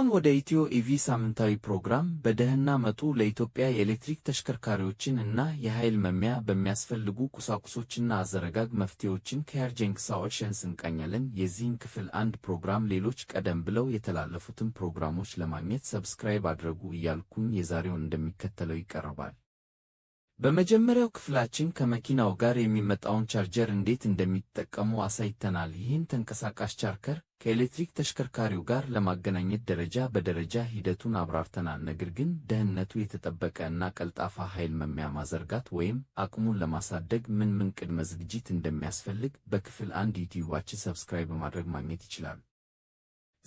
እንኳን ወደ ኢትዮ ኢቪ ሳምንታዊ ፕሮግራም በደህና መጡ። ለኢትዮጵያ የኤሌክትሪክ ተሽከርካሪዎችን እና የኃይል መሙያ በሚያስፈልጉ ቁሳቁሶችና አዘረጋግ መፍትሄዎችን ከያርጀንክሳዎችንስ እንቃኛለን። የዚህን ክፍል አንድ ፕሮግራም ሌሎች ቀደም ብለው የተላለፉትን ፕሮግራሞች ለማግኘት ሰብስክራይብ አድረጉ እያልኩኝ የዛሬውን እንደሚከተለው ይቀርባል። በመጀመሪያው ክፍላችን ከመኪናው ጋር የሚመጣውን ቻርጀር እንዴት እንደሚጠቀሙ አሳይተናል። ይህን ተንቀሳቃሽ ቻርከር ከኤሌክትሪክ ተሽከርካሪው ጋር ለማገናኘት ደረጃ በደረጃ ሂደቱን አብራርተናል። ነገር ግን ደህንነቱ የተጠበቀ እና ቀልጣፋ ኃይል መሙያ ማዘርጋት ወይም አቅሙን ለማሳደግ ምን ምን ቅድመ ዝግጅት እንደሚያስፈልግ በክፍል አንድ ዩቲዩባችን ሰብስክራይብ በማድረግ ማግኘት ይችላሉ።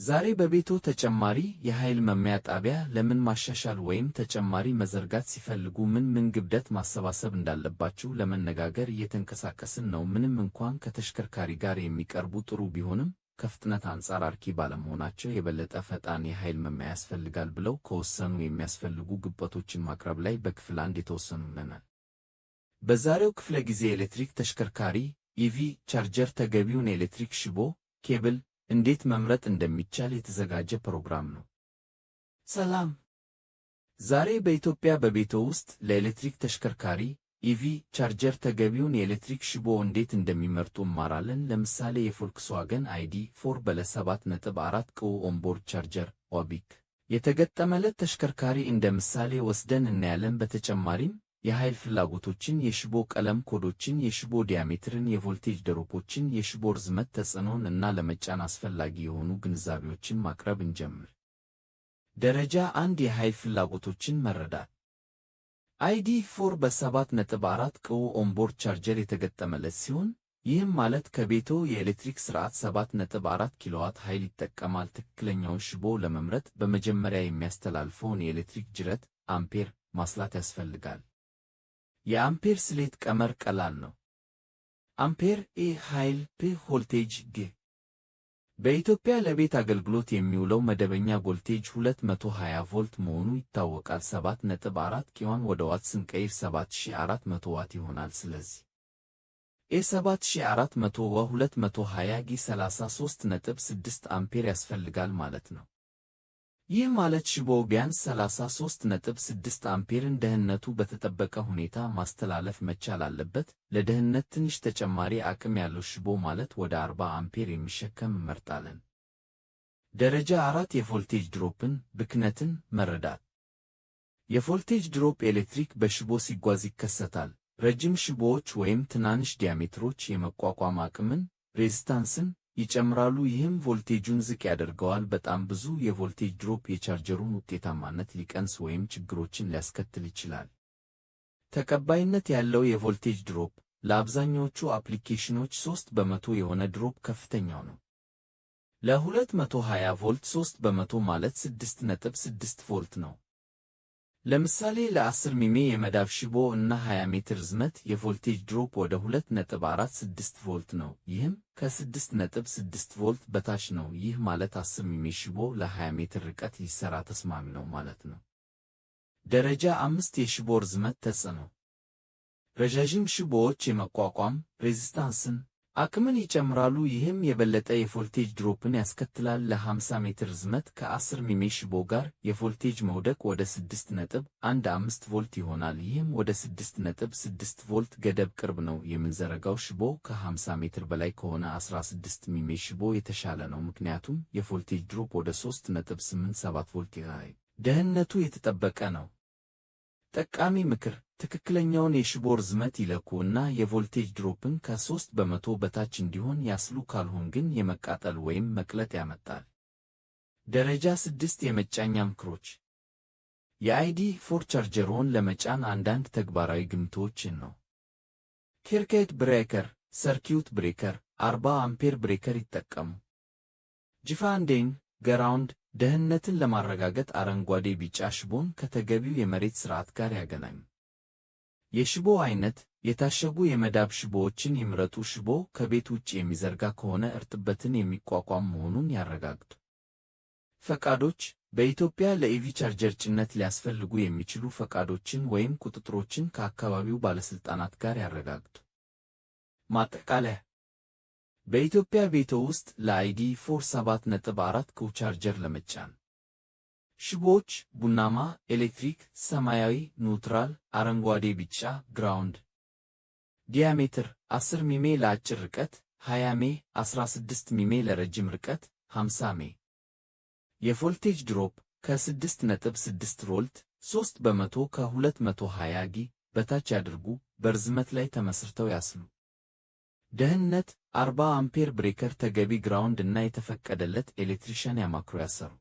ዛሬ በቤቶ ተጨማሪ የኃይል መሙያ ጣቢያ ለምን ማሻሻል ወይም ተጨማሪ መዘርጋት ሲፈልጉ ምን ምን ግብደት ማሰባሰብ እንዳለባችሁ ለመነጋገር እየተንቀሳቀስን ነው። ምንም እንኳን ከተሽከርካሪ ጋር የሚቀርቡ ጥሩ ቢሆንም ከፍጥነት አንጻር አርኪ ባለመሆናቸው የበለጠ ፈጣን የኃይል መሙያ ያስፈልጋል ብለው ከወሰኑ የሚያስፈልጉ ግብዓቶችን ማቅረብ ላይ በክፍል አንድ የተወሰኑ ነናል። በዛሬው ክፍለ ጊዜ ኤሌክትሪክ ተሽከርካሪ ኢቪ ቻርጀር፣ ተገቢውን ኤሌክትሪክ ሽቦ ኬብል እንዴት መምረጥ እንደሚቻል የተዘጋጀ ፕሮግራም ነው። ሰላም። ዛሬ በኢትዮጵያ በቤቶ ውስጥ ለኤሌክትሪክ ተሽከርካሪ ኢቪ ቻርጀር ተገቢውን የኤሌክትሪክ ሽቦ እንዴት እንደሚመርጡ እማራለን። ለምሳሌ የፎልክስዋገን አይዲ ፎር ባለ 7.4 ቅው ኦንቦርድ ቻርጀር ኦቢክ የተገጠመለት ተሽከርካሪ እንደ ምሳሌ ወስደን እናያለን። በተጨማሪም የኃይል ፍላጎቶችን፣ የሽቦ ቀለም ኮዶችን፣ የሽቦ ዲያሜትርን፣ የቮልቴጅ ድሮፖችን፣ የሽቦ ርዝመት ተጽዕኖን እና ለመጫን አስፈላጊ የሆኑ ግንዛቤዎችን ማቅረብ እንጀምር። ደረጃ አንድ የኃይል ፍላጎቶችን መረዳት። አይዲ ፎር በሰባት ነጥብ አራት ቅው ኦንቦርድ ቻርጀር የተገጠመለት ሲሆን ይህም ማለት ከቤቶ የኤሌክትሪክ ስርዓት ነጥብ አራት ኪሎዋት ኃይል ይጠቀማል። ትክክለኛውን ሽቦ ለመምረጥ በመጀመሪያ የሚያስተላልፈውን የኤሌክትሪክ ጅረት አምፔር ማስላት ያስፈልጋል። የአምፔር ስሌት ቀመር ቀላል ነው። አምፔር ኤ ኃይል ፕ ቮልቴጅ ግ በኢትዮጵያ ለቤት አገልግሎት የሚውለው መደበኛ ቮልቴጅ 220 ቮልት መሆኑ ይታወቃል። 7.4 ኪዋን ወደ ዋት ስንቀይር 7400 ዋት ይሆናል። ስለዚህ ኤ 7400 ወ 220 ጊ 33.6 አምፔር ያስፈልጋል ማለት ነው። ይህ ማለት ሽቦ ቢያንስ 33.6 አምፔርን ደህንነቱ በተጠበቀ ሁኔታ ማስተላለፍ መቻል አለበት። ለደህንነት ትንሽ ተጨማሪ አቅም ያለው ሽቦ ማለት ወደ 40 አምፔር የሚሸከም እመርጣለን። ደረጃ አራት የቮልቴጅ ድሮፕን ብክነትን መረዳት። የቮልቴጅ ድሮፕ ኤሌክትሪክ በሽቦ ሲጓዝ ይከሰታል። ረጅም ሽቦዎች ወይም ትናንሽ ዲያሜትሮች የመቋቋም አቅምን ሬዚስታንስን ይጨምራሉ። ይህም ቮልቴጁን ዝቅ ያደርገዋል። በጣም ብዙ የቮልቴጅ ድሮፕ የቻርጀሩን ውጤታማነት ሊቀንስ ወይም ችግሮችን ሊያስከትል ይችላል። ተቀባይነት ያለው የቮልቴጅ ድሮፕ ለአብዛኛዎቹ አፕሊኬሽኖች 3 በመቶ የሆነ ድሮፕ ከፍተኛው ነው። ለ220 ቮልት 3 በመቶ ማለት 6.6 ቮልት ነው። ለምሳሌ ለ10 ሚሜ የመዳብ ሽቦ እና 20 ሜትር ዝመት የቮልቴጅ ድሮፕ ወደ 2.46 ቮልት ነው። ይህም ከ6.6 ቮልት በታች ነው። ይህ ማለት 10 ሚሜ ሽቦ ለ20 ሜትር ርቀት ይሰራ ተስማሚ ነው ማለት ነው። ደረጃ 5 የሽቦ ርዝመት ተጽዕኖ። ረዣዥም ሽቦዎች የመቋቋም ሬዚስታንስን አክምን ይጨምራሉ። ይህም የበለጠ የቮልቴጅ ድሮፕን ያስከትላል። ለ50 ሜትር ዝመት ከ10 ሚሜ ሽቦ ጋር የቮልቴጅ መውደቅ ወደ 6.15 ቮልት ይሆናል። ይህም ወደ 6.6 ቮልት ገደብ ቅርብ ነው። የምንዘረጋው ሽቦ ከ50 ሜትር በላይ ከሆነ 16 ሚሜ ሽቦ የተሻለ ነው፣ ምክንያቱም የቮልቴጅ ድሮፕ ወደ 3.87 ቮልት ይሆናል። ደህንነቱ የተጠበቀ ነው። ጠቃሚ ምክር ትክክለኛውን የሽቦ ርዝመት ይለኩ እና የቮልቴጅ ድሮፕን ከ3 በመቶ በታች እንዲሆን ያስሉ፣ ካልሆን ግን የመቃጠል ወይም መቅለጥ ያመጣል። ደረጃ 6 የመጫኛ ምክሮች የአይዲ ፎር ቻርጀርዎን ለመጫን አንዳንድ ተግባራዊ ግምቶችን ነው። ኬርኬት ብሬከር፣ ሰርኪዩት ብሬከር፣ 40 አምፔር ብሬከር ይጠቀሙ። ጂፋንዴን ገራውንድ፣ ደህንነትን ለማረጋገጥ አረንጓዴ ቢጫ ሽቦን ከተገቢው የመሬት ስርዓት ጋር ያገናኙ። የሽቦ አይነት የታሸጉ የመዳብ ሽቦዎችን ይምረጡ። ሽቦ ከቤት ውጭ የሚዘርጋ ከሆነ እርጥበትን የሚቋቋም መሆኑን ያረጋግጡ። ፈቃዶች በኢትዮጵያ ለኢቪ ቻርጀር ጭነት ሊያስፈልጉ የሚችሉ ፈቃዶችን ወይም ቁጥጥሮችን ከአካባቢው ባለሥልጣናት ጋር ያረጋግጡ። ማጠቃለያ በኢትዮጵያ ቤቶ ውስጥ ለአይዲ 474 ኮ ቻርጀር ለመጫን ሽቦዎች ቡናማ፣ ኤሌክትሪክ፣ ሰማያዊ፣ ኒውትራል፣ አረንጓዴ፣ ቢጫ፣ ግራውንድ ዲያሜትር 10 ሚሜ ለአጭር ርቀት 20 ሜ 16 ሚሜ ለረጅም ርቀት 50 ሜ የቮልቴጅ ድሮፕ ከ6.6 ቮልት 3 በመቶ ከ220 ጊ በታች ያድርጉ። በርዝመት ላይ ተመስርተው ያስሉ። ደህንነት 40 አምፔር ብሬከር ተገቢ ግራውንድ እና የተፈቀደለት ኤሌክትሪሽያን ያማክሩ ያሰሩ።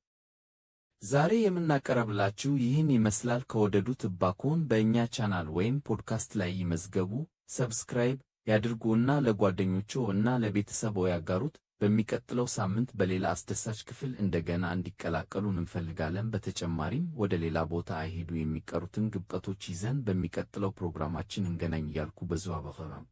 ዛሬ የምናቀርብላችሁ ይህን ይመስላል። ከወደዱት እባክዎን በእኛ ቻናል ወይም ፖድካስት ላይ ይመዝገቡ፣ ሰብስክራይብ ያድርጉ እና ለጓደኞችዎ እና ለቤተሰብዎ ያጋሩት። በሚቀጥለው ሳምንት በሌላ አስደሳች ክፍል እንደገና እንዲቀላቀሉን እንፈልጋለን። በተጨማሪም ወደ ሌላ ቦታ አይሄዱ የሚቀሩትን ግብቀቶች ይዘን በሚቀጥለው ፕሮግራማችን እንገናኝ እያልኩ በዚሁ አበቃለሁ።